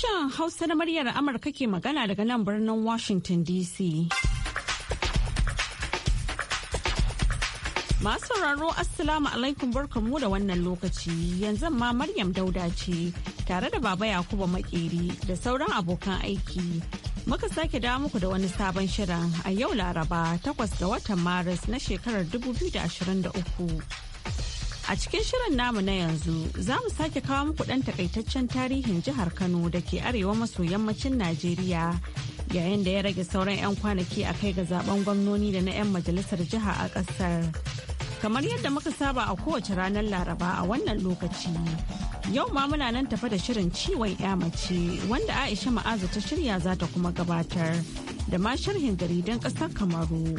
Sashen Hausa na muryar Amurka ke magana daga nan birnin Washington DC. Masu sauraro Assalamu alaikum mu da wannan lokaci yanzu ma Maryam Dauda ce tare da Baba Yakubu Makeri da sauran abokan aiki. Muka sake dawo muku da wani sabon shirin a yau Laraba 8 ga watan Maris na shekarar 2023. A cikin shirin namu na yanzu za mu sake kawo muku ɗan takaitaccen tarihin jihar Kano da ke arewa maso yammacin Najeriya yayin da ya rage sauran 'yan kwanaki a kai ga zaben gwamnoni da na 'yan majalisar jiha a ƙasar. Kamar yadda muka saba a kowace ranar Laraba a wannan lokaci. Yau ma muna nan tafa da shirin ciwon 'ya mace wanda Aisha Ma'azu ta shirya za ta kuma gabatar. da ma sharhin gari jaridan ƙasar Kamaru.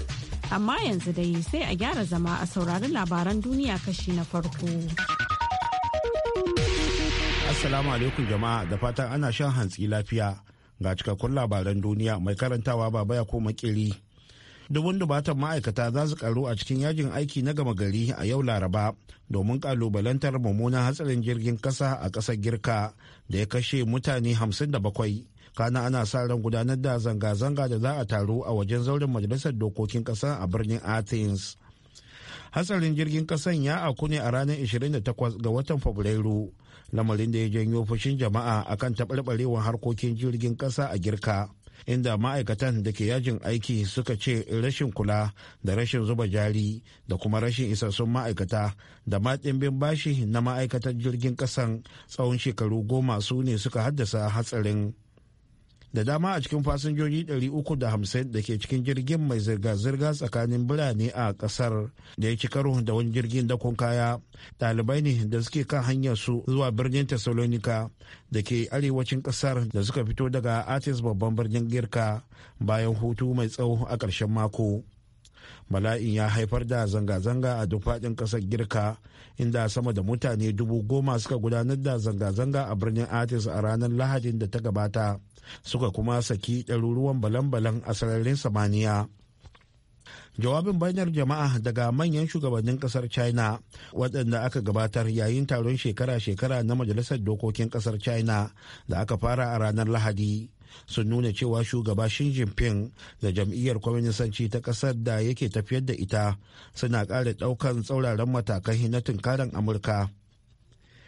Amma yanzu dai sai a gyara zama a saurari labaran duniya kashi na farko. Assalamu alaikum jama'a da fatan ana shan hantsi lafiya ga cikakkun labaran duniya mai karantawa baba ya ko makiri. dubun dubatan ma'aikata za su karu a cikin yajin aiki na gama gari a yau laraba domin kalubalantar mummunan hatsarin jirgin kasa a kasar girka da ya kashe mutane 57 kana ana sa ran gudanar da zanga-zanga da za a taru a wajen zauren majalisar dokokin ƙasa a birnin athens hatsarin jirgin kasan ya aku ne a ranar 28 ga watan fabrairu lamarin da ya janyo fushin jama'a akan taɓarɓarewar harkokin jirgin ƙasa a girka inda ma'aikatan da ke yajin aiki suka ce rashin kula da rashin zuba jari da kuma rashin isassun ma'aikata da maɗimbin bashi na ma'aikatan jirgin ƙasan tsawon shekaru goma su ne suka haddasa hatsarin da dama a cikin fasinjoji 350 da ke cikin jirgin mai zirga-zirga tsakanin birane a kasar da ya ci karo da wani jirgin dakon kaya ɗalibai ne da suke kan hanyar su zuwa birnin tesalonika da ke arewacin kasar da suka fito daga atis babban birnin girka bayan hutu mai tsawo a ƙarshen mako bala'in ya haifar da zanga-zanga a duk faɗin ƙasar girka inda sama da mutane dubu goma suka gudanar da zanga-zanga a birnin Atis a ranar Lahadin da ta gabata suka kuma saki ɗaruruwan balan-balan a sararin samaniya. Jawabin bayanar jama'a daga manyan shugabannin kasar China waɗanda aka gabatar yayin taron shekara-shekara na Majalisar Dokokin kasar China da aka fara a ranar Lahadi. sun nuna cewa shugaba Xi Jinping da jam'iyyar kwaminisanci ta ƙasar da yake tafiyar da ita suna ƙara ɗaukan tsauraran matakai na tunkaran Amurka.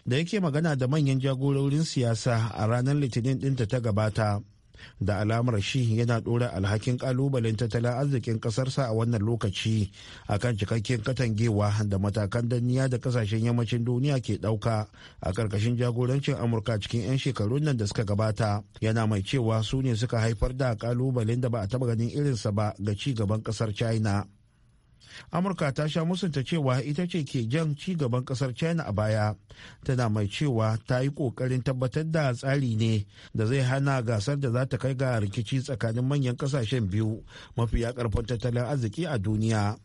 Da yake magana da manyan jagororin siyasa a ranar Litinin ɗinta ta gabata, da alamar shi yana ɗora alhakin kalubalen tattalin arzikin ƙasarsa a wannan lokaci a kan cikakken katangewa da matakan danniya da kasashen yammacin duniya ke ɗauka a karkashin jagorancin amurka cikin 'yan shekarun nan da suka gabata yana mai cewa su ne suka haifar da kalubalen da ba a taɓa ganin irinsa ba ga ci gaban ƙasar china amurka ta sha musunta cewa ita ce ke jan ci gaban kasar china a baya tana mai cewa ta yi kokarin tabbatar da tsari ne da zai hana gasar da za ta kai ga rikici tsakanin manyan kasashen biyu mafiya karfin tattalin arziki a duniya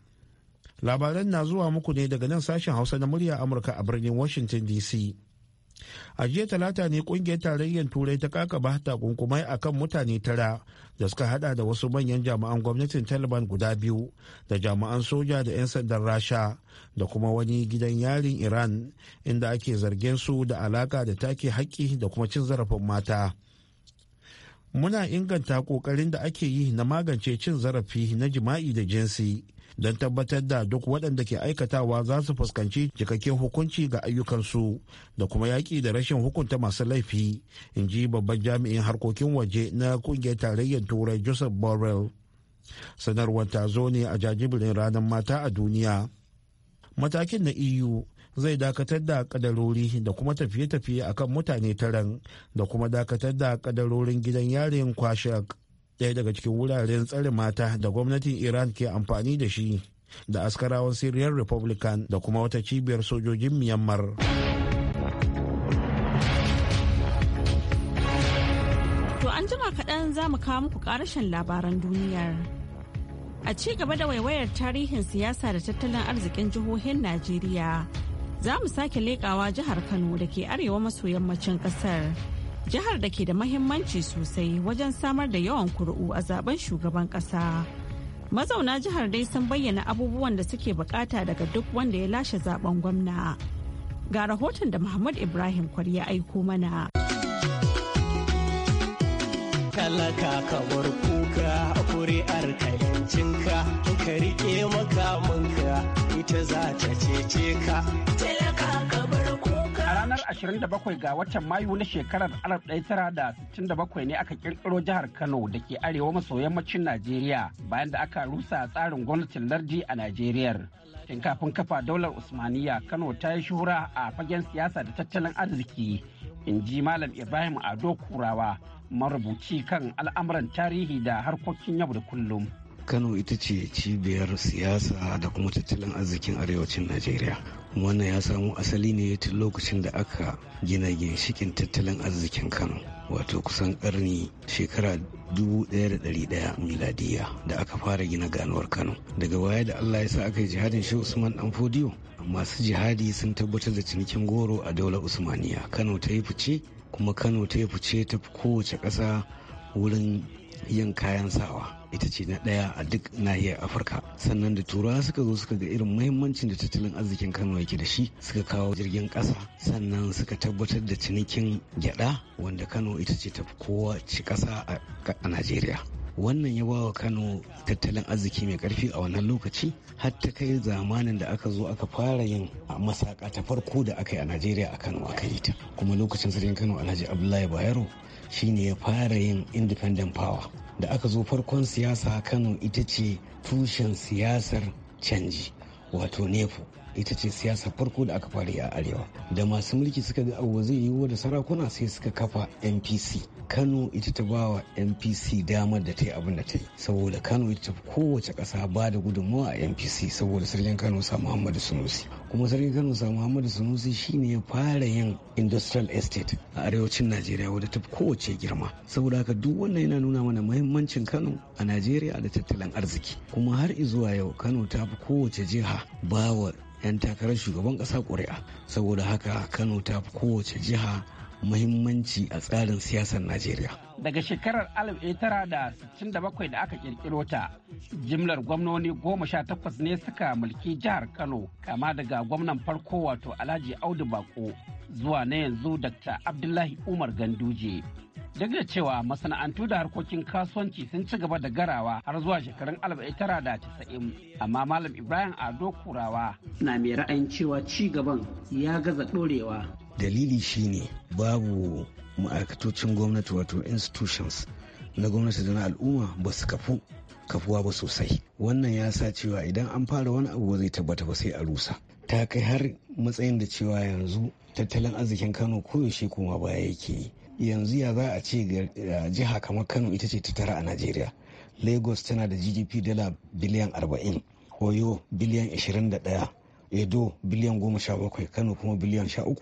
labaran na zuwa muku ne daga nan sashen hausa na murya amurka a birnin washington dc a jiya talata ne kungiyar tarayyar turai ta kakaba takunkumai akan mutane tara da suka hada da wasu manyan jami'an gwamnatin taliban guda biyu da jami'an soja da 'yan sandan rasha da kuma wani gidan yarin iran inda ake zargin su da alaka da take haƙƙi da kuma cin zarafin mata muna inganta ƙoƙarin da ake yi na magance cin zarafi na jima'i da jinsi don tabbatar da duk waɗanda ke aikatawa za su fuskanci cikakken hukunci ga ayyukansu da kuma yaƙi da rashin hukunta masu laifi in ji babban jami'in harkokin waje na ƙungiyar tarayyar turai joseph borrell sanarwar ta zo ne a jajibirin ranar mata a duniya matakin na eu zai dakatar da kadarori da kuma tafiye-tafiye akan mutane taran da kuma dakatar da kadarorin gidan yarin kwashak ɗaya daga cikin wuraren tsare mata da gwamnatin iran ke amfani da shi da askarawan syrian republican da kuma wata cibiyar sojojin myanmar to an jima kaɗan za mu kawo muku ƙarashin labaran duniyar a ci gaba da waiwayar tarihin siyasa da tattalin arzikin jihohin najeriya za mu sake leƙawa jihar kano da ke arewa maso yammacin ƙasar. jihar da ke da mahimmanci sosai wajen samar da yawan kuri'u a zaben shugaban kasa. Mazauna jihar dai sun bayyana abubuwan da suke bukata daga duk wanda ya lashe zaben gwamna. Ga rahoton da Muhammad Ibrahim Kwari ya aiko mana. Talaka kamar kuka kuri'ar ka rike makamanka ita za cece ka. ranar 27 ga watan Mayu na shekarar 1967 ne aka kirkiro jihar Kano da ke arewa maso yammacin Najeriya bayan da aka rusa tsarin gwamnatin lardi a Najeriya. Tun kafin kafa daular Usmaniyya Kano ta yi shura a fagen siyasa da tattalin arziki, in ji Malam Ibrahim Ado Kurawa, marubuci kan al'amuran tarihi da harkokin yau da kullum. kano ita ce cibiyar siyasa da kuma tattalin arzikin arewacin najeriya wannan ya samo asali ne tun lokacin da aka gina ginshikin tattalin arzikin kano wato kusan karni shekara 1100 miladiya da aka fara gina ganuwar kano daga waya da allah ya sa aka yi jihadin shi usman dan fodiyo masu jihadi sun tabbatar da cinikin goro a daular usmaniya kano ta yi fice kuma kano ta yi fice ta kowace ƙasa wurin yin kayan sawa ita ce na ɗaya a duk nahiyar afirka sannan da turawa suka zo suka ga irin muhimmancin da tattalin arzikin kano yake da shi suka kawo jirgin ƙasa sannan suka tabbatar da cinikin gyaɗa wanda kano ita ce ta kowa ci ƙasa a najeriya wannan ya bawa kano tattalin arziki mai karfi a wannan lokaci har ta kai zamanin da aka zo aka fara yin a masaka ta farko da aka yi a najeriya a kano aka yi ta kuma lokacin sarkin kano alhaji abdullahi bayero shine ya fara yin independent power da aka zo farkon siyasa kano ita ce tushen siyasar canji wato nepo ita ce siyasar farko da aka fara a arewa da masu mulki suka ga abu zai yiwu da sarakuna sai suka kafa npc kano ita ta ba wa npc damar da ta yi abin da ta yi saboda kano ita ta kowace ƙasa ba da gudunmawa a npc saboda sarkin kano sa muhammadu sunusi kuma sarkin kano sa muhammadu sanusi shine ya fara yin industrial estate a arewacin najeriya wadda ta kowace girma saboda haka duk wannan yana nuna mana mahimmancin kano a najeriya da tattalin arziki kuma har izuwa yau kano ta fi kowace jiha bawa 'yan takarar shugaban ƙasa ƙuri'a saboda haka kano ta fi kowace jiha muhimmanci a tsarin siyasar Najeriya. Daga shekarar 1967 da aka kirkiro ta, jimlar gwamnoni goma sha takwas ne suka mulki jihar Kano, kama daga gwamnan farko wato Alhaji Audu Bako zuwa na yanzu Dr. Abdullahi Umar Ganduje. Duk da cewa masana'antu da harkokin kasuwanci sun ci gaba da garawa har zuwa shekarun 1990, amma Malam Ibrahim Ado Kurawa na mai ra'ayin cewa ci gaban ya gaza ɗorewa dalili shine babu ma'aikatocin gwamnati wato institutions na gwamnati da na al'umma ba su kafu kafuwa ba sosai wannan ya sa cewa idan an fara wani abu zai tabbata ba sai a rusa ta kai har matsayin da cewa yanzu tattalin arzikin kano koyaushe kuma baya yake yanzu ya za a ce jiha kamar kano ita ce ta tara a najeriya lagos tana da gdp dala biliyan 40 oyo biliyan 21 edo biliyan 17 kano kuma biliyan 13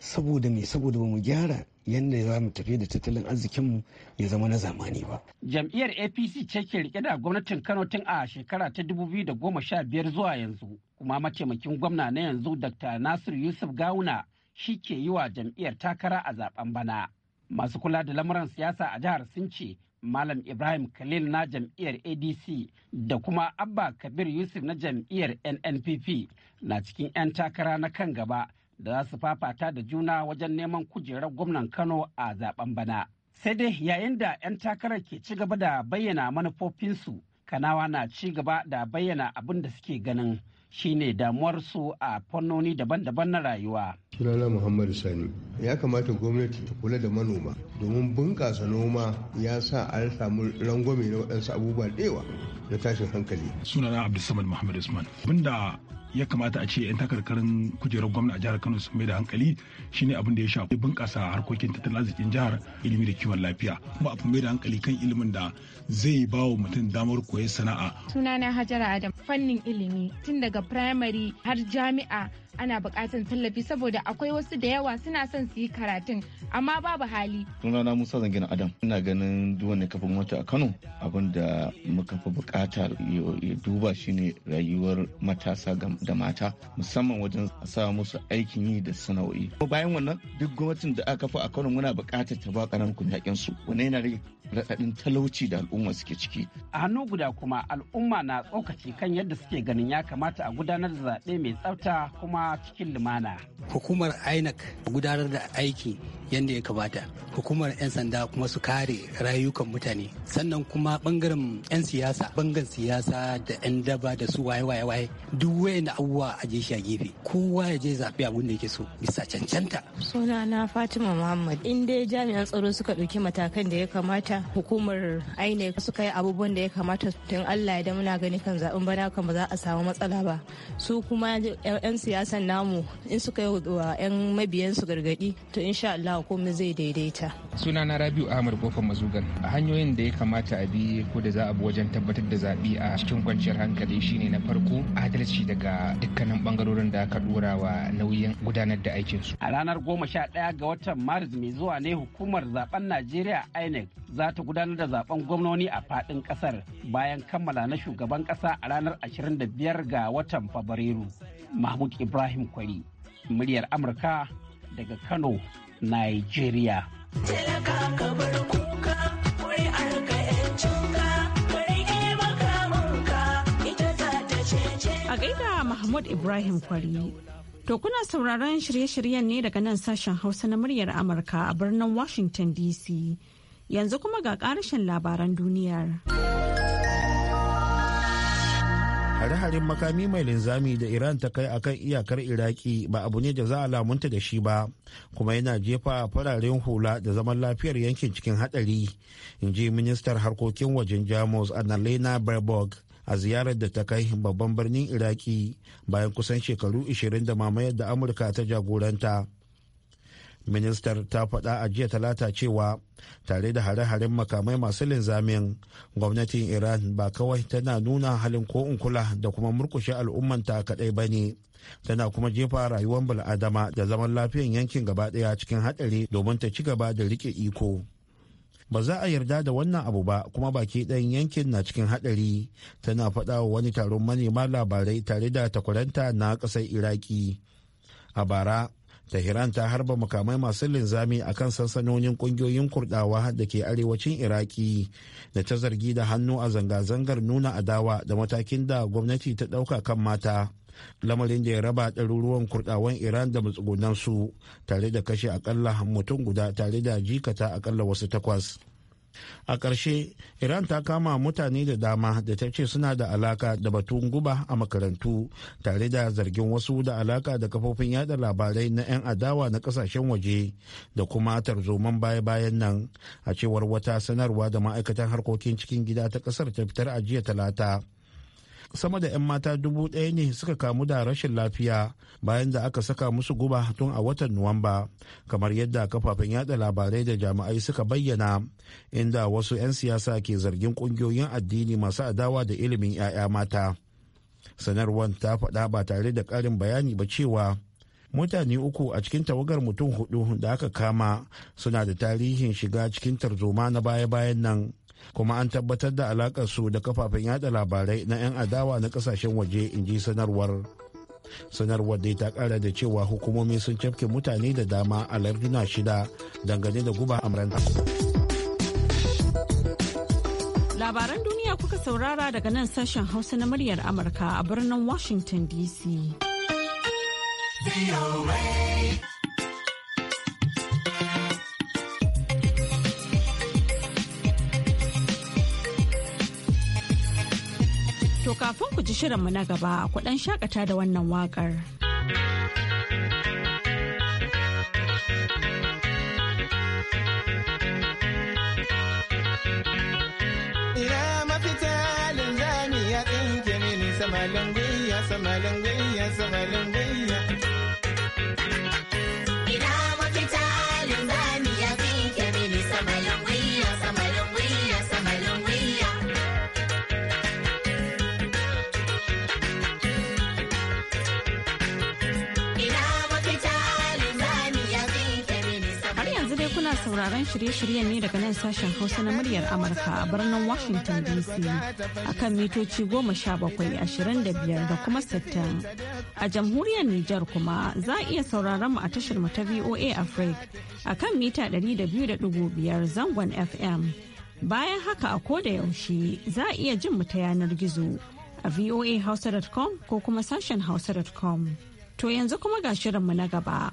saboda me saboda mu gyara yadda za mu tafi da tattalin arzikinmu ya zama na zamani ba. Jam'iyyar APC ce ke rike da gwamnatin Kano tun a shekara ta dubu biyu da goma sha biyar zuwa yanzu, kuma mataimakin gwamna na yanzu Dr. Nasir Yusuf Gawuna shi ke yi wa jam'iyyar takara a zaben bana. Masu kula da lamuran siyasa a jihar sun ce Malam Ibrahim Khalil na jam'iyyar ADC da kuma Abba Kabir Yusuf na jam'iyyar NNPP na cikin 'yan takara na kan gaba da za su fafata da juna wajen neman kujerar gwamnan Kano a zaben bana. Sai dai yayin da 'yan takarar ke ci gaba da bayyana manufofinsu, Kanawa na ci gaba da bayyana abin da suke ganin shine damuwarsu a fannoni daban-daban na rayuwa. Sunana Muhammadu Sani, ya kamata gwamnati ta kula da manoma domin bunƙasa noma ya sa an samu rangwame na waɗansu abubuwa ɗewa na tashin hankali. Sunana Abdulsamad Muhammadu Usman, abinda ya kamata a ce 'yan takarkarin kujerar gwamna a jihar kano sun mai da hankali shine abin da ya shafi bunkasa harkokin tattalin arzikin jihar ilimi da kiwon lafiya kuma abin mai da hankali kan ilimin da zai ba wa mutum damar koyar sana'a sunana hajara adam fannin ilimi tun daga primary har jami'a ana buƙatar tallafi saboda akwai wasu da yawa suna son su yi karatun amma babu hali. Sunana Musa Zangina Adam ina ganin duk wani kafin mota a Kano abin da muka fi buƙata ya duba shine rayuwar matasa da mata musamman wajen sa musu aikin yi da sana'o'i. kuma Bayan wannan duk gwamnatin da aka kafa a Kano muna buƙatar ta ba ƙaramin kuɗaɗen su wani yana rage raɗaɗin talauci da al'umma suke ciki. A hannu guda kuma al'umma na tsokaci kan yadda suke ganin ya kamata a gudanar da zaɓe mai tsafta kuma cikin lumana. Hukumar INEC gudanar da aiki yadda ya kamata. Hukumar 'yan sanda kuma su kare rayukan mutane. Sannan kuma bangaren 'yan siyasa, bangan siyasa da 'yan daba da su waye waye waye duk wayan abubuwa a je shi a gefe. Kowa ya je zaɓe abun da yake so bisa cancanta. Suna na Fatima Muhammad. In dai jami'an tsaro suka ɗauki matakan da ya kamata hukumar INEC suka yi abubuwan da ya kamata tun Allah ya da muna gani kan zaɓen bana kan ba za a samu matsala ba. Su kuma 'yan siyasa matasan namu in suka yi wa 'yan mabiyansu gargadi to insha Allah komai zai daidaita. Sunana Rabiu Ahmad Kofar Mazugan a hanyoyin da ya kamata a bi ko da za a bi wajen tabbatar da zaɓi a cikin kwanciyar hankali shine na farko adalci daga dukkanin bangarorin da aka ɗora wa nauyin gudanar da aikinsu. A ranar goma sha ɗaya ga watan Maris mai zuwa ne hukumar zaben Najeriya INEC za ta gudanar da zaben gwamnoni a faɗin ƙasar bayan kammala na shugaban ƙasa a ranar 25 ga watan Fabrairu. mahmud ibrahim kwari muryar amurka daga kano nigeria a gaida mahmud ibrahim kwari To kuna sauraron shirye-shiryen ne daga nan sashen Hausa na muryar Amurka a birnin Washington DC. Yanzu kuma ga ƙarashin labaran duniyar. hare-haren makami mai linzami da iran ta kai akan iyakar iraki ba abu ne da za a lamunta da shi ba kuma yana jefa fararen hula da zaman lafiyar yankin cikin hadari in ji ministar harkokin wajen jamus annalena Berbog a ziyarar da ta kai babban birnin iraki bayan kusan shekaru 20 da mamayar da amurka ta jagoranta ministar ta faɗa a jiya talata cewa tare da hare-haren makamai masu linzamin gwamnatin iran ba kawai tana nuna halin ko kula da kuma murkushe al'ummanta kaɗai ba ne tana kuma jefa rayuwar bal'adama da zaman lafiyan yankin gaba ɗaya cikin haɗari domin ta ci gaba da riƙe iko ba za a yarda da wannan abu ba kuma baki ɗayan yankin na cikin haɗari tana faɗa wa wani taron manema labarai tare da takwaranta na ƙasar iraki a bara Tehran ta harba makamai masu linzami a kan sansanonin kungiyoyin kurdawa da ke arewacin Iraki da ta zargi da hannu a zanga-zangar nuna adawa da matakin da gwamnati ta dauka kan mata. Lamarin da ya raba ɗaruruwan kurdawan Iran da matsugunansu tare da kashe akalla mutum guda tare da jikata akalla wasu takwas. a ƙarshe iran ta kama mutane da dama da ta ce suna da alaka da batun guba a makarantu tare da zargin wasu da alaka da kafofin yada labarai na 'yan adawa na ƙasashen waje da kuma tarzoman baya-bayan nan a cewar wata sanarwa da ma'aikatan harkokin cikin gida ta ƙasar ta fitar a jiya talata sama da 'yan mata dubu ɗaya ne suka kamu da rashin lafiya bayan da aka saka musu guba tun a watan Nuwamba, kamar yadda kafafen yada labarai da jami'ai suka bayyana, inda wasu 'yan siyasa ke zargin kungiyoyin addini masu adawa da ilimin 'ya'ya mata. Sanarwar ta faɗa ba tare da ƙarin bayani ba cewa mutane uku a cikin tawagar mutum hudu da aka kama suna da tarihin shiga cikin tarzoma na baya-bayan nan. kuma an tabbatar da alakarsu da kafafen yada labarai na 'yan adawa na kasashen waje in ji sanarwar. sanarwar dai ta kara da cewa hukumomi sun cafke mutane da dama a larduna shida dangane da guba amuranta labaran duniya kuka saurara daga nan sashen hausa na muryar amurka a birnin washington dc To kafin ku ji shirinmu na gaba ku ɗan shakata da wannan waƙar. Samalin gwiya, samalin gwiya, samalin gwiya. sauraron shirye-shiryen ne daga nan sashen Hausa na muryar Amurka a birnin Washington DC akan mitoci goma sha bakwai ashirin da biyar da kuma sittin. A jamhuriyar Nijar kuma za a iya sauraron mu a tashar mu ta VOA a kan mita ɗari da biyu da biyar zangon FM. Bayan haka a koda yaushe za a iya jin mu ta yanar gizo a voahausa.com ko kuma sashen hausa.com. To yanzu kuma ga shirinmu na gaba.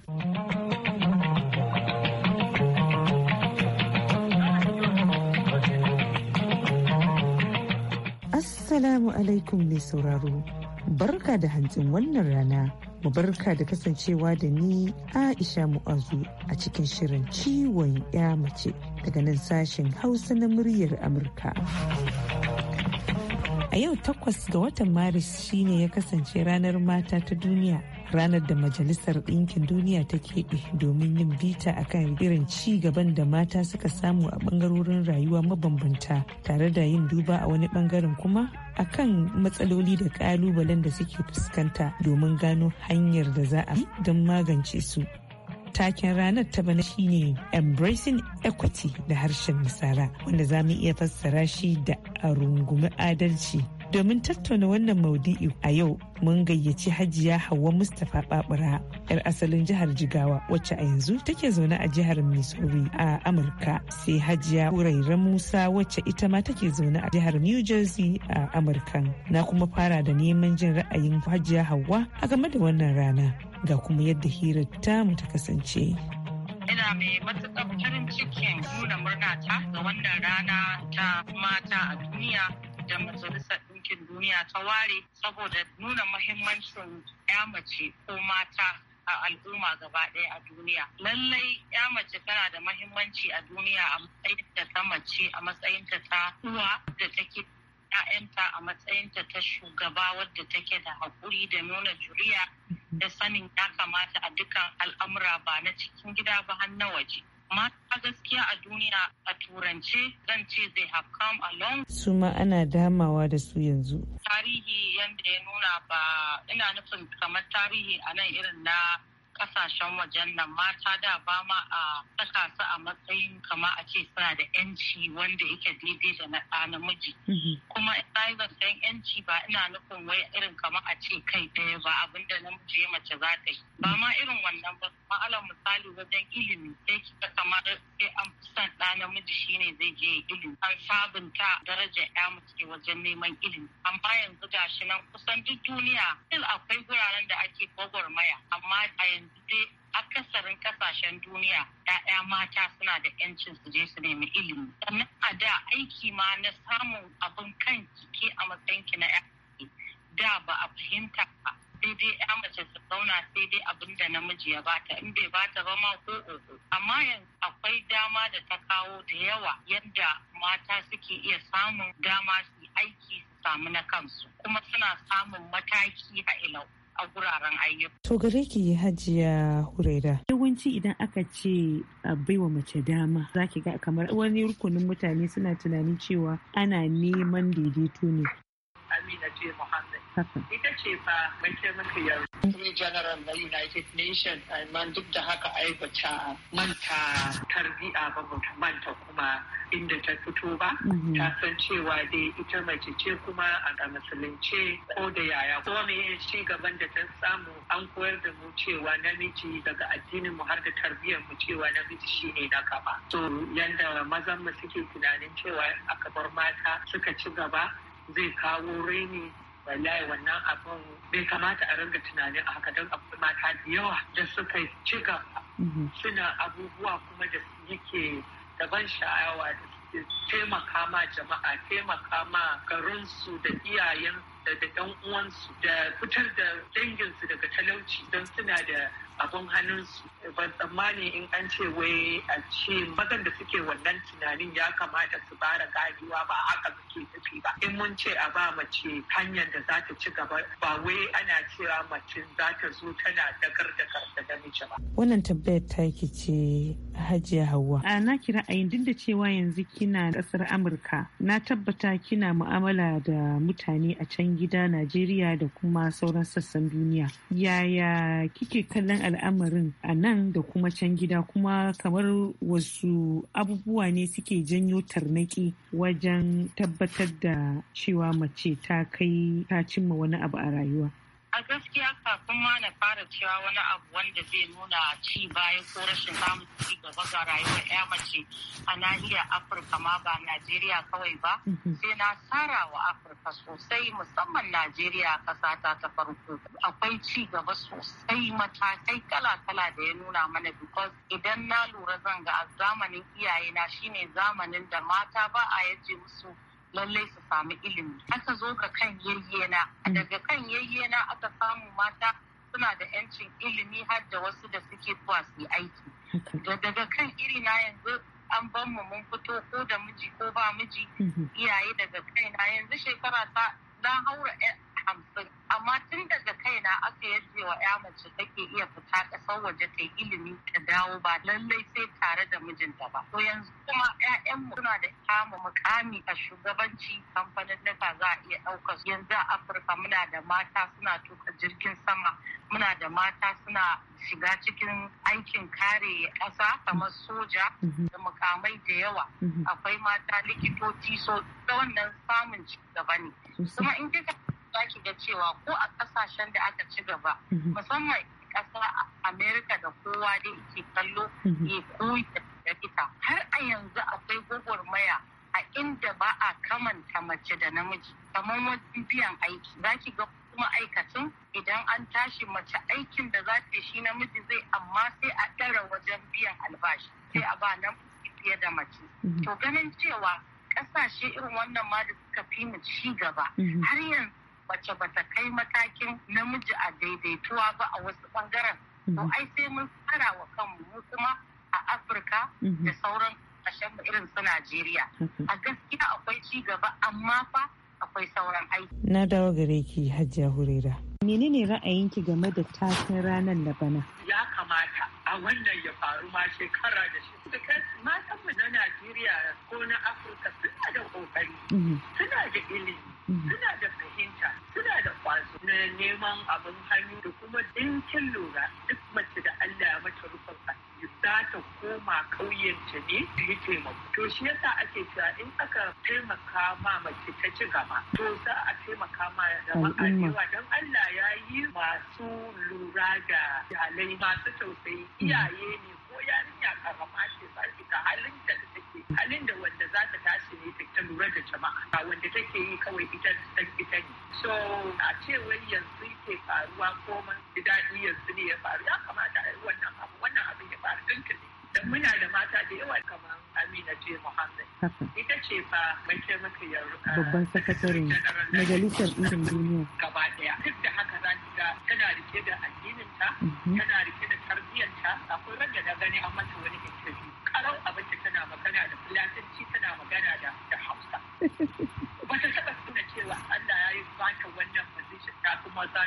Assalamu alaikum mai sauraro. Barka da hantsin wannan rana. Mu barka da kasancewa da ni Aisha Mu'azu a cikin shirin ciwon ya mace daga nan sashen Hausa na muryar Amurka. A yau takwas ga watan Maris shine ya kasance ranar mata ta duniya. ranar da majalisar ɗinkin duniya ta keɓe domin yin bita a kan irin ci gaban da mata suka samu a ɓangarorin rayuwa mabambanta tare da yin duba a wani ɓangaren kuma a kan matsaloli da kalubalen da suke fuskanta domin gano hanyar da za a don magance su taken ranar ta bana shine embracing equity da harshen nasara wanda za mu iya fassara shi da a rungumi adalci Domin tattauna wannan maudu'i a yau mun gayyaci Hajiya Hauwa Mustapha Babura, 'yar asalin jihar Jigawa wacce a yanzu take zaune a jihar Missouri a Amurka. Sai Hajiya Kurairar Musa wacce ita ma take zaune a jihar New Jersey a Amurka. Na kuma fara da neman jin ra'ayin Hajiya Hauwa a game da wannan rana ga kuma yadda hirar ta ta kasance. ina mai matuƙar farin cikin nuna murna ta ga wannan rana ta mata a duniya da majalisar ɗinkin duniya ta ware saboda nuna mahimmancin ya mace ko mata a al'umma gaba ɗaya a duniya. Lallai ya mace tana da mahimmanci a duniya a matsayinta ta mace a matsayinta ta uwa da take ‘ya'yanta a matsayinta ta shugaba wadda take da haƙuri da nuna juriya da sanin ya kamata a dukkan al'amura ba na cikin gida ba har na waje. mata gaskiya a duniya a turance zan ce zai have come along. su ma ana damawa da su yanzu. Tarihi yadda ya nuna ba ina nufin kamar tarihi a nan irin na kasashen wajen nan mata da ba ma a saka su a matsayin kama a ce suna da yanci wanda yake daidai da na ɗa namiji mhm. kuma ɗaiban yanci ba ina nufin wai irin kama a ce kai ɗaya ba abinda namiji ya mace za ta yi ba ma irin wannan ba ma'alar misali wajen ilimi sai kika kamar sai an fi son ɗa namiji shine zai je ilimi an sabunta darajar ya mace wajen neman ilimi amma yanzu gashi nan kusan duk duniya akwai guraren da ake gwagwarmaya amma a yanzu yanzu dai akasarin kasashen duniya ‘ya'ya mata suna da ‘yancin su je su nemi ilimi. Sannan a da aiki ma na samun abin kan ke a matsayin ki na yaki da ba a fahimta ba. Sai dai ‘ya mace su zauna sai dai abin da namiji ya bata in bai bata ba ma ko Amma yanzu akwai dama da ta kawo da yawa yadda mata suke iya samun dama su aiki su samu na kansu kuma suna samun mataki a ilau a wuraren ayyuka. To gare ki hajiya huraira. Yawanci idan aka ce a wa mace dama za ki ga kamar wani rukunin mutane suna tunanin cewa ana neman daidaito ne. Amina ce Muhammad. Hassan. Ita ce fa mace maka yau. Ni general na United Nations amma duk da haka ai bata manta tarbiya ba bata manta kuma inda ta fito ba. Mm-hmm. Ta san cewa dai ita mace ce kuma a musulunce ko da yaya ko me ci gaban da ta samu an koyar da mu cewa namiji daga addinin mu har da tarbiyyar mu cewa namiji shine na gaba. To yanda mazan mu suke tunanin cewa aka bar mata suka ci gaba zai kawo raini wallahi wannan abin bai kamata a ringa tunanin a haka don akwai mata da yawa da suka ci gaba mhm. suna abubuwa kuma da yake ban sha'awa da suke taimaka ma jama'a taimaka ma garinsu da iyayen da ɗan uwansu da fitar da danginsu daga talauci don suna da abin hannunsu ban tsammani in an ce wai a ce mazan da suke wannan tunanin ya kamata su fara gajiwa ba haka suke tafi ba in mun ce a ba mace hanyar da za ta ci gaba ba wai ana cewa mace za ta zo tana dakar da karta da miji ba wannan tabbayar taki ce hajiya hawa a na kira a duk da cewa yanzu kina kasar amurka na tabbata kina mu'amala da mutane a can gida najeriya da kuma sauran sassan duniya yaya kike kallon al'amarin a nan da kuma can gida kuma kamar wasu abubuwa ne suke janyo tarnaki wajen tabbatar da cewa mace ta kai ta cimma wani abu a rayuwa a gaskiya kafin ma na fara cewa wani abu wanda zai nuna ci bayan ko rashin samun ci gaba ga rayuwar ya mace a nahiyar afirka ma ba najeriya kawai ba mhm. sai na tsara wa afirka sosai musamman najeriya kasa ta ta farko akwai ci gaba sosai matakai kala-kala da ya nuna mana because idan na lura zanga a zamanin iyaye na shine zamanin da mata ba a yaje musu lallai su samu ilimi aka zo ga kan yayyena mm. daga kan yayyena aka samu mata suna da yancin ilimi har da wasu da suke zuwa su aiki daga kan iri na yanzu an ban mu mun fito ko da miji ko ba miji mm-hmm. iyaye daga kaina yanzu shekara ta na haura hamsin amma tun daga kaina aka yadda wa ya mace take iya fita ƙasar waje ta ilimi ta dawo ba lallai sai tare da mijinta ba to yanzu kuma mu suna da kama mukami a shugabanci kamfanin nuka za a iya ɗaukar yanzu a afirka muna da mata suna tuka jirgin sama muna da mata suna shiga cikin aikin kare ƙasa kamar soja mm-hmm. da mukamai da yawa mm-hmm. akwai mata likitoci so da wannan samun ci gaba ne kuma in kika za ga cewa ko a kasashen da aka ci gaba mhm. musamman a amerika da kowa da ke kallo mhm. ya koyi da kita har a yanzu akwai gwagwarmaya a inda ba a kamanta mace da namiji kamar wajen biyan aiki za ki ga aikacin idan an tashi mace aikin da za ta shi namiji zai amma sai a ɗara wajen biyan albashi sai a ba nan fiye da mace mhm. to ganin cewa ƙasashe irin wannan ma da suka fi mu ci gaba har yanzu mace ba ta kai matakin namiji a daidaituwa ba a wasu bangaren to mhm. ai sai mun tsara wa kanmu mu kuma a afirka mhm. da sauran kasashen irin su najeriya a gaskiya akwai ci gaba amma fa akwai sauran aiki na dawo gare ki Hajiya hurera menene ra'ayinki game da tasin ranar da bana ya kamata wannan ya faru ma shekara da shekara matan mu na Najeriya ko na Afirka suna da kokari mhm. suna da ilimi mhm. suna da fahimta suna da kwazo na neman abin hannu da kuma ɗinkin lura duk mace da Allah ya mata rufin za ta koma ƙauyenta ne ta yi taimako to shi yasa ake cewa in aka taimaka ma mace ta ci gaba to za a taimaka ma jama'a yawa don Allah ya yi masu lura da jalai masu tausayi iyaye ne yarinya karama ce za ki ga halin da take halin da wanda za ta tashi ne ta lura da jama'a ba wanda take yi kawai ita san ita ne so a ce yanzu ke faruwa ko mun ji daɗi yanzu ne ya faru ya kamata a yi wannan abu wannan abin ya faru tun ne dan muna da mata da yawa kamar Amina J. Muhammad ita ce fa mai taimakiyar uh, babban sakatare majalisar ɗinkin duniya gaba ɗaya duk da haka za ki ga tana rike da addininta mm-hmm. tana rike da tarbiyyarta akwai wanda na gani an mata wani interview karau da tana magana da fulatanci tana magana da da hausa ba ta taba tuna cewa Allah ya yi bata wannan position ta kuma za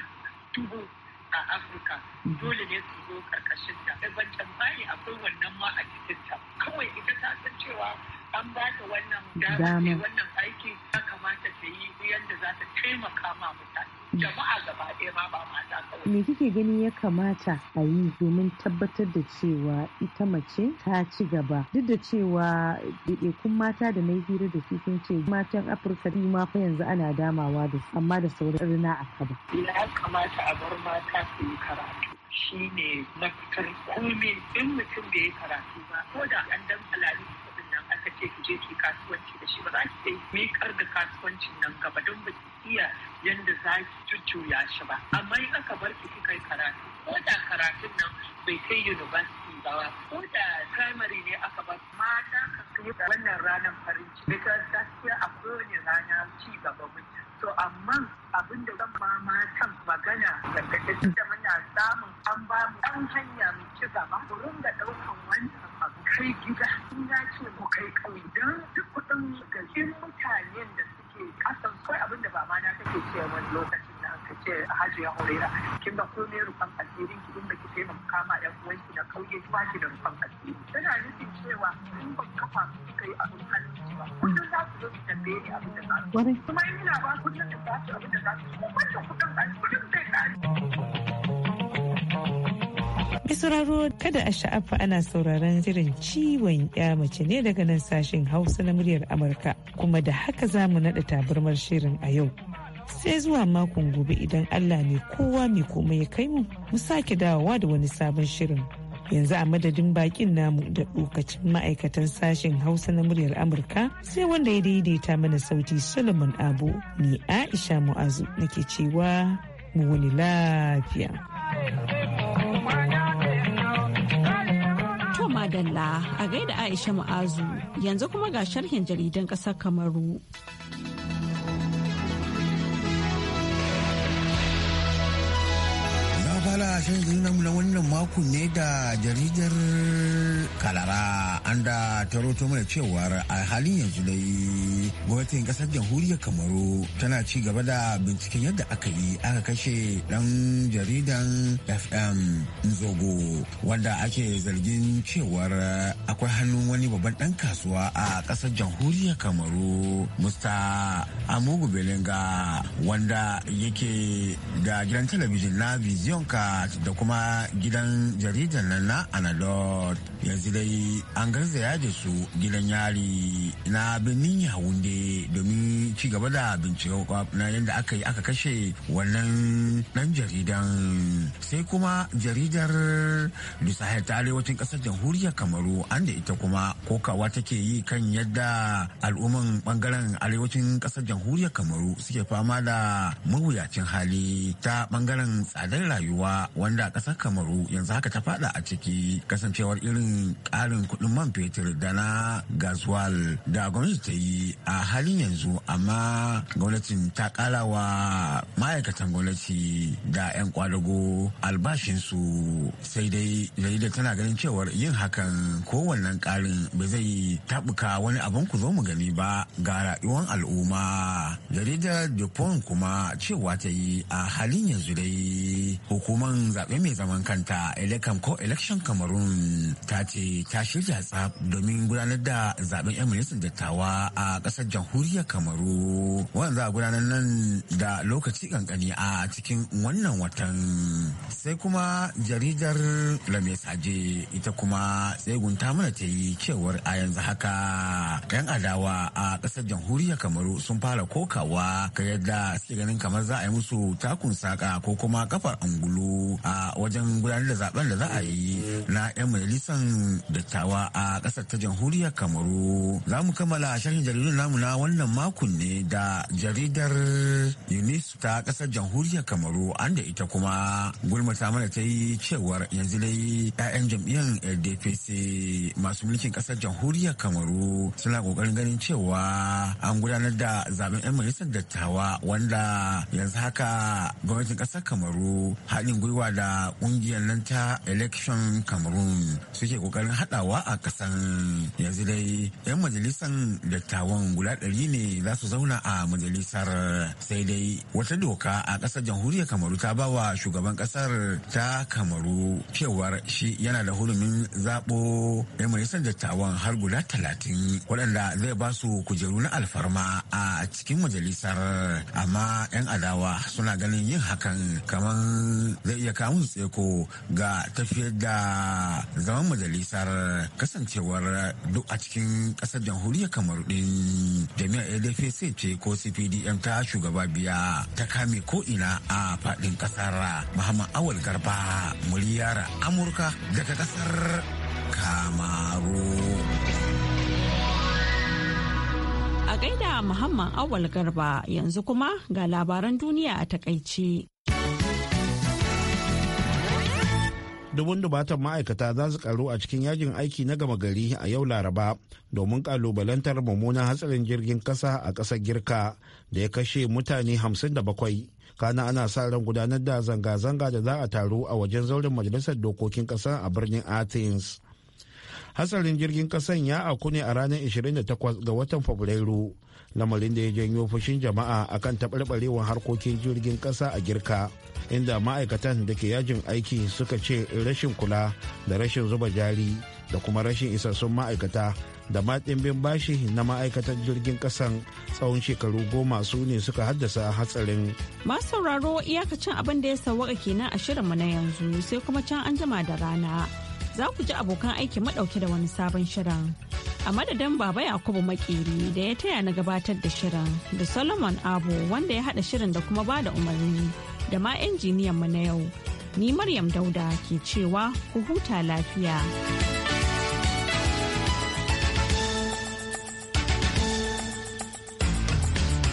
dubu a Afirka dole ne su zo karkashin ta ban tambaye akwai wannan ma a cikin ta kawai ita ta san cewa an ba ta wannan dama wannan aiki ya kamata ta yi yadda za ta taimaka ma mutane jama'a gaba ɗaya ma ba mata kawai. Me kike gani ya kamata a yi domin tabbatar da cewa ita mace ta ci gaba duk da cewa ɗaiɗaikun mata da na hira da su sun ce matan Afirka ni ma fa yanzu ana damawa da su amma da sauran rina a kaba. Ya kamata a bar mata su yi karatu. shi ne mafitar komai in mutum bai yi karatu ba ko da an dan alali Ka ce ki je ki kasuwanci da shi ba za ki iya kar da kasuwancin nan gaba don ba ki iya yadda za ki jujjuya shi ba amma in aka bar ki kika yi karatu ko da karatun nan bai kai university ba ko da primary ne aka ba mata kan wannan ranar farin ciki because gaskiya a kowane rana ci gaba mutum to amma abin da zan ma matan magana daga da muna samun an ba mu ɗan hanya mu ci gaba ku ringa ɗaukan wannan abu kai gida in ya ce ku kai ƙauye don duk kuɗin gajin mutanen da suke kasan kawai abin da ba ma na kake ce wani lokacin da aka ce hajiya horera kin ga komai rufan asirin ki in ki taimaka ma ɗan uwanki na ke ba shi da rufan asiri yana nufin cewa in ba kafa suka yi abin hannun ba zo su tambaye ni abin da za su kuma da za su abin da za su kuma kada a sha'afa ana sauraron jirin ciwon ya mace ne daga nan sashen Hausa na muryar Amurka kuma da haka za mu naɗa tabarmar shirin a yau. sai zuwa makon gobe idan Allah ne kowa mai komai ya kai mu mu sake dawowa da wani sabon shirin yanzu a madadin bakin namu da lokacin ma'aikatan sashen hausa na muryar amurka sai wanda ya daidaita mana sauti solomon abu ni aisha mu'azu nake cewa mu wani lafiya madalla a gaida aisha mu'azu yanzu kuma ga sharhin jaridan ƙasar kamaru rahoton namu na wannan mako ne da jaridar kalara an da ta mana cewar a halin yanzu dai gwamnatin kasar jamhuriyar kamaru tana ci gaba da binciken yadda aka yi aka kashe dan jaridan fm nzogo wanda ake zargin cewar akwai hannun wani babban dan kasuwa a kasar jamhuriyar kamaru musta amugu belenga wanda yake da gidan talabijin na vision ka da kuma gidan jaridan nan na Analot yanzu dai an garzaya da su gidan yari na birnin Yawunde domin cigaba da binciken na yadda aka yi aka kashe wannan dan jaridan sai kuma jaridar Lusahel ta arewacin kasar jamhuriyar Kamaru an da ita kuma kokawa take yi kan yadda al'umman bangaren arewacin kasar jamhuriyar Kamaru suke fama da mawuyacin hali ta bangaren tsadar rayuwa wanda kasar kamaru yanzu haka ta fada a ciki kasancewar irin ƙarin kuɗin man fetur da na gaswal da gwamnati ta yi a halin yanzu amma gwamnatin ta ƙara wa ma'aikatan gwamnati da 'yan kwadago albashinsu sai dai jaridar tana ganin cewar yin hakan ko wannan karin ba zai tabuka wani abin ku zo mu gani ba ga rayuwar al'umma jaridar dupont kuma cewa ta yi a halin yanzu dai hukumar. zaɓe mai zaman kanta Elekan ko Election Cameroon ta ce ta shirya tsab domin gudanar da zaɓen 'yan ministan dattawa a ƙasar jamhuriyar Kamaru wannan za a gudanar nan da lokaci kankani a cikin wannan watan. Sai kuma jaridar Lame Saje ita kuma tsegunta mana ta yi cewar a yanzu haka 'yan adawa a ƙasar jamhuriyar Kamaru sun fara kokawa ka yadda suke ganin kamar za a yi musu takun saka ko kuma kafar angulu a wajen gudanar da zaben da za a yi na 'yan majalisar dattawa a kasar ta jamhuriyar kamaru za mu kammala sharhin jaridun namu na wannan makon ne da jaridar unis ta kasar jamhuriyar kamaru an da ita kuma gulma ta mana ta yi cewar yanzu dai 'ya'yan jam'iyyar ldpc masu mulkin kasar jamhuriyar kamaru suna kokarin ganin cewa an gudanar da zaben 'yan majalisar dattawa wanda yanzu haka gwamnatin kasar kamaru haɗin gwiwa da kungiyar nan ta election cameroon suke kokarin hadawa a kasan yanzu dai yan majalisar dattawan guda ɗari ne za su zauna a majalisar sai dai wata doka a ƙasar jamhuriyar kamaru ta ba wa shugaban ƙasar ta kamaru cewar shi yana da hurumin zaɓo yan majalisar dattawan har guda talatin waɗanda zai ba su kujeru na alfarma a cikin majalisar amma yan adawa suna ganin yin hakan kamar zai iya kamun tseko ga tafiyar da zaman majalisar kasancewar duk a cikin kasar jamhuriyar kamaru din jami'ar adfc ce ko cpdm ta shugaba biya ta kame ko ina a fadin kasar muhammad awal garba muryar amurka daga kasar kamaru a gaida muhammad awal garba yanzu kuma ga labaran duniya a takaici dubun dubatan ma'aikata za su karu a cikin yajin aiki na gama gari a yau laraba domin kalubalantar mummunan hatsarin jirgin kasa a ƙasar girka da ya kashe mutane 57 kana ana sa ran gudanar da zanga-zanga da za a taru a wajen zauren majalisar dokokin ƙasa a birnin athens hatsarin jirgin kasan ya aku ne a ranar 28 ga watan fabrairu lamarin da ya janyo fushin jama'a akan taɓarɓarewar harkokin jirgin ƙasa a girka inda ma'aikatan da ke yajin aiki suka ce rashin kula da rashin zuba jari da kuma rashin isassun ma'aikata da ma ɗimbin bashi na ma'aikatan jirgin ƙasan tsawon shekaru goma su ne suka haddasa hatsarin. Masu sauraro iyakacin abin da ya sawaka kenan a shirinmu na yanzu sai kuma can an jima da rana. za ku ji abokan aiki madauke da wani sabon shirin. A madadin Baba Yakubu Makeri da ya taya na gabatar da shirin da Solomon Abu wanda ya haɗa shirin da kuma bada umarni da ma injiniyan mu na yau. Ni Maryam Dauda ke cewa ku huta lafiya.